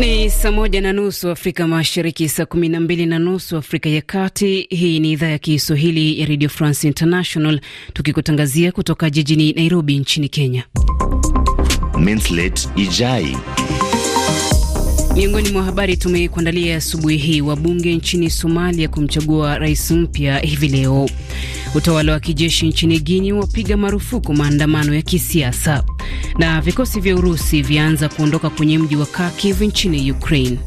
Ni saa moja na nusu Afrika Mashariki, saa kumi na mbili na nusu Afrika ya Kati. Hii ni idhaa ya Kiswahili ya Radio France International, tukikutangazia kutoka jijini Nairobi nchini Kenya. Minslet Ijai. Miongoni mwa habari tumekuandalia asubuhi hii, wabunge nchini Somalia kumchagua rais mpya hivi leo. Utawala wa kijeshi nchini Guinea wapiga marufuku maandamano ya kisiasa, na vikosi vya Urusi vyaanza kuondoka kwenye mji wa Kharkiv nchini Ukraine.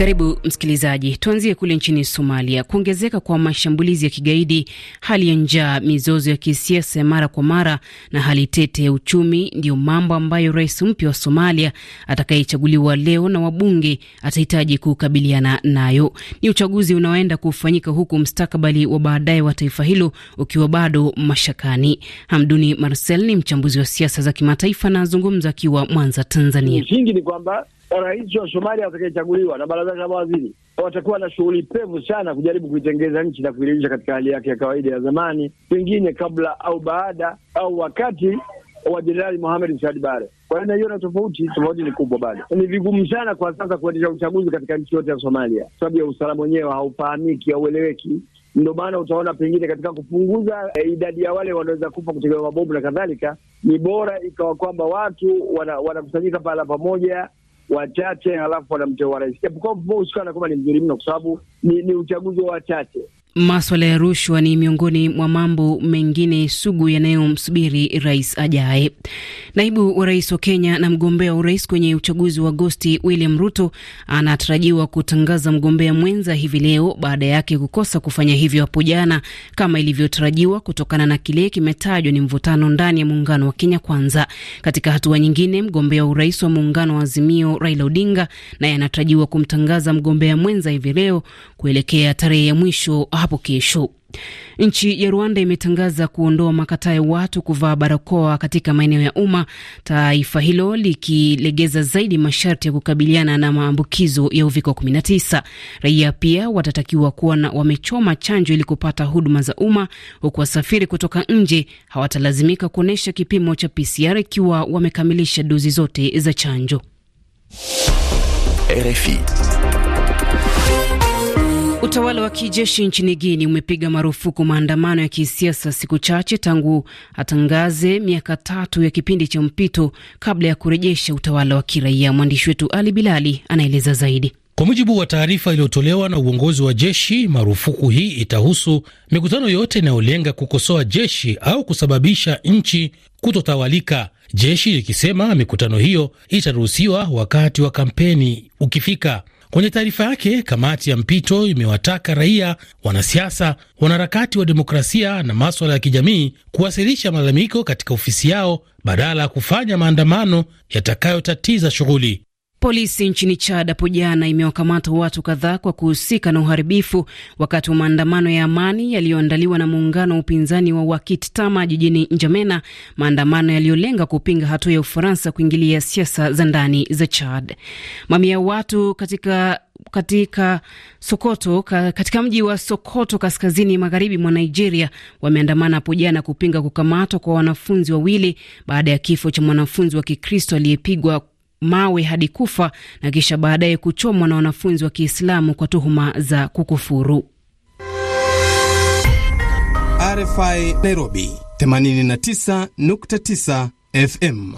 Karibu msikilizaji, tuanzie kule nchini Somalia. Kuongezeka kwa mashambulizi ya kigaidi, hali ya njaa, mizozo ya kisiasa ya mara kwa mara na hali tete ya uchumi ndiyo mambo ambayo rais mpya wa Somalia atakayechaguliwa leo na wabunge atahitaji kukabiliana nayo. Ni uchaguzi unaoenda kufanyika huku mstakabali wa baadaye wa taifa hilo ukiwa bado mashakani. Hamduni Marcel ni mchambuzi wa siasa za kimataifa na akiwa Mwanza, Tanzania. Msingi ni kwamba rais wa Somalia atakayechaguliwa na baraza la mawaziri watakuwa na shughuli pevu sana kujaribu kuitengeza nchi na kuirejesha katika hali yake ya kawaida ya zamani, pengine kabla au baada au wakati wa Jenerali Mohamed Saad Bare. Kwa hiyo naiona tofauti, tofauti ni kubwa. Bado ni vigumu sana kwa sasa kuendesha uchaguzi katika nchi yote ya Somalia, sababu ya usalama wenyewe haufahamiki, haueleweki. Ndio maana utaona pengine katika kupunguza e, idadi ya wale wanaweza kufa kutegemea mabomu na kadhalika, ni bora ikawa kwamba watu wanakusanyika wana pahala pamoja wachache, halafu wanamteua rais, japokuwa mfumo husika anakuwa ni mzuri mno, kwa sababu ni, ni uchaguzi wa wachache Maswala ya rushwa ni miongoni mwa mambo mengine sugu yanayomsubiri rais ajaye. Naibu wa rais wa Kenya na mgombea wa urais kwenye uchaguzi wa Agosti, William Ruto anatarajiwa kutangaza mgombea mwenza hivi leo baada yake kukosa kufanya hivyo hapo jana kama ilivyotarajiwa, kutokana na kile kimetajwa ni mvutano ndani ya muungano wa Kenya Kwanza. Katika hatua nyingine, mgombea wa urais wa muungano wa Azimio, Raila Odinga, naye anatarajiwa kumtangaza mgombea mwenza hivi leo kuelekea tarehe ya mwisho hapo kesho. Nchi ya Rwanda imetangaza kuondoa makataa ya watu kuvaa barakoa katika maeneo ya umma, taifa hilo likilegeza zaidi masharti ya kukabiliana na maambukizo ya uviko 19. Raia pia watatakiwa kuwa wamechoma chanjo ili kupata huduma za umma, huku wasafiri kutoka nje hawatalazimika kuonyesha kipimo cha PCR ikiwa wamekamilisha dozi zote za chanjo. RFI. Utawala wa kijeshi nchini Guini umepiga marufuku maandamano ya kisiasa siku chache tangu atangaze miaka tatu ya kipindi cha mpito kabla ya kurejesha utawala wa kiraia. Mwandishi wetu Ali Bilali anaeleza zaidi. Kwa mujibu wa taarifa iliyotolewa na uongozi wa jeshi, marufuku hii itahusu mikutano yote inayolenga kukosoa jeshi au kusababisha nchi kutotawalika, jeshi likisema mikutano hiyo itaruhusiwa wakati wa kampeni ukifika. Kwenye taarifa yake, kamati ya mpito imewataka raia, wanasiasa, wanaharakati wa demokrasia na maswala ya kijamii kuwasilisha malalamiko katika ofisi yao badala ya kufanya maandamano yatakayotatiza shughuli. Polisi nchini Chad hapo jana imewakamata watu kadhaa kwa kuhusika na uharibifu wakati wa maandamano ya amani yaliyoandaliwa na muungano wa upinzani wa Wakit Tama jijini Njamena, maandamano yaliyolenga kupinga hatua ya Ufaransa kuingilia siasa za ndani za Chad. Mamia ya watu katika katika Sokoto ka, katika mji wa Sokoto kaskazini magharibi mwa Nigeria wameandamana hapo jana kupinga kukamatwa kwa wanafunzi wawili baada ya kifo cha mwanafunzi wa Kikristo aliyepigwa mawe hadi kufa na kisha baadaye kuchomwa na wanafunzi wa Kiislamu kwa tuhuma za kukufuru. RFI Nairobi 89.9 FM.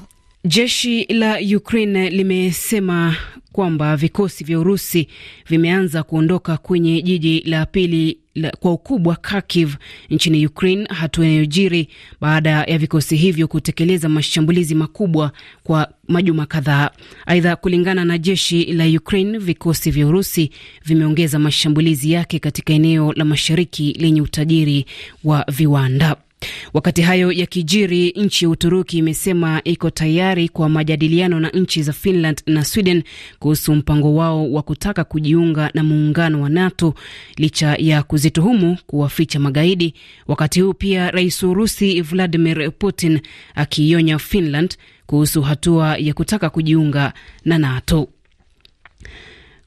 Jeshi la Ukraine limesema kwamba vikosi vya Urusi vimeanza kuondoka kwenye jiji la pili kwa ukubwa Kharkiv nchini Ukraine, hatua inayojiri baada ya vikosi hivyo kutekeleza mashambulizi makubwa kwa majuma kadhaa. Aidha, kulingana na jeshi la Ukraine, vikosi vya Urusi vimeongeza mashambulizi yake katika eneo la mashariki lenye utajiri wa viwanda. Wakati hayo yakijiri, nchi ya Uturuki imesema iko tayari kwa majadiliano na nchi za Finland na Sweden kuhusu mpango wao wa kutaka kujiunga na muungano wa NATO licha ya kuzituhumu kuwaficha magaidi. Wakati huu pia rais wa Urusi Vladimir Putin akiionya Finland kuhusu hatua ya kutaka kujiunga na NATO.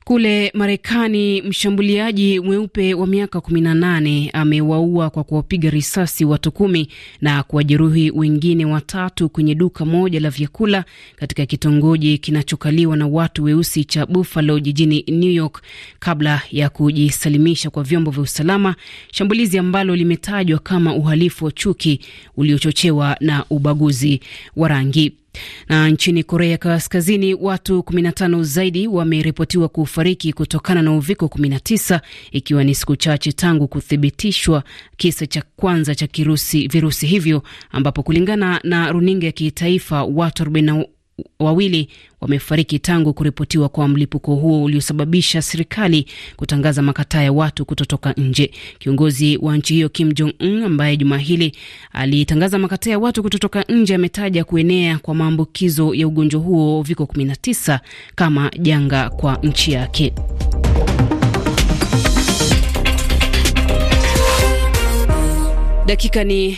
Kule Marekani, mshambuliaji mweupe wa miaka 18 amewaua kwa kuwapiga risasi watu kumi na kuwajeruhi wengine watatu kwenye duka moja la vyakula katika kitongoji kinachokaliwa na watu weusi cha Buffalo jijini New York kabla ya kujisalimisha kwa vyombo vya usalama, shambulizi ambalo limetajwa kama uhalifu wa chuki uliochochewa na ubaguzi wa rangi. Na nchini Korea Kaskazini, watu 15 zaidi wameripotiwa kufariki kutokana na uviko 19 ikiwa ni siku chache tangu kuthibitishwa kisa cha kwanza cha kirusi, virusi hivyo ambapo kulingana na runinga ya kitaifa watu wawili wamefariki tangu kuripotiwa kwa mlipuko huo uliosababisha serikali kutangaza makataa ya watu kutotoka nje. Kiongozi wa nchi hiyo Kim Jong Un, ambaye juma hili alitangaza makataa ya watu kutotoka nje, ametaja kuenea kwa maambukizo ya ugonjwa huo uviko 19 kama janga kwa nchi yake. Dakika ni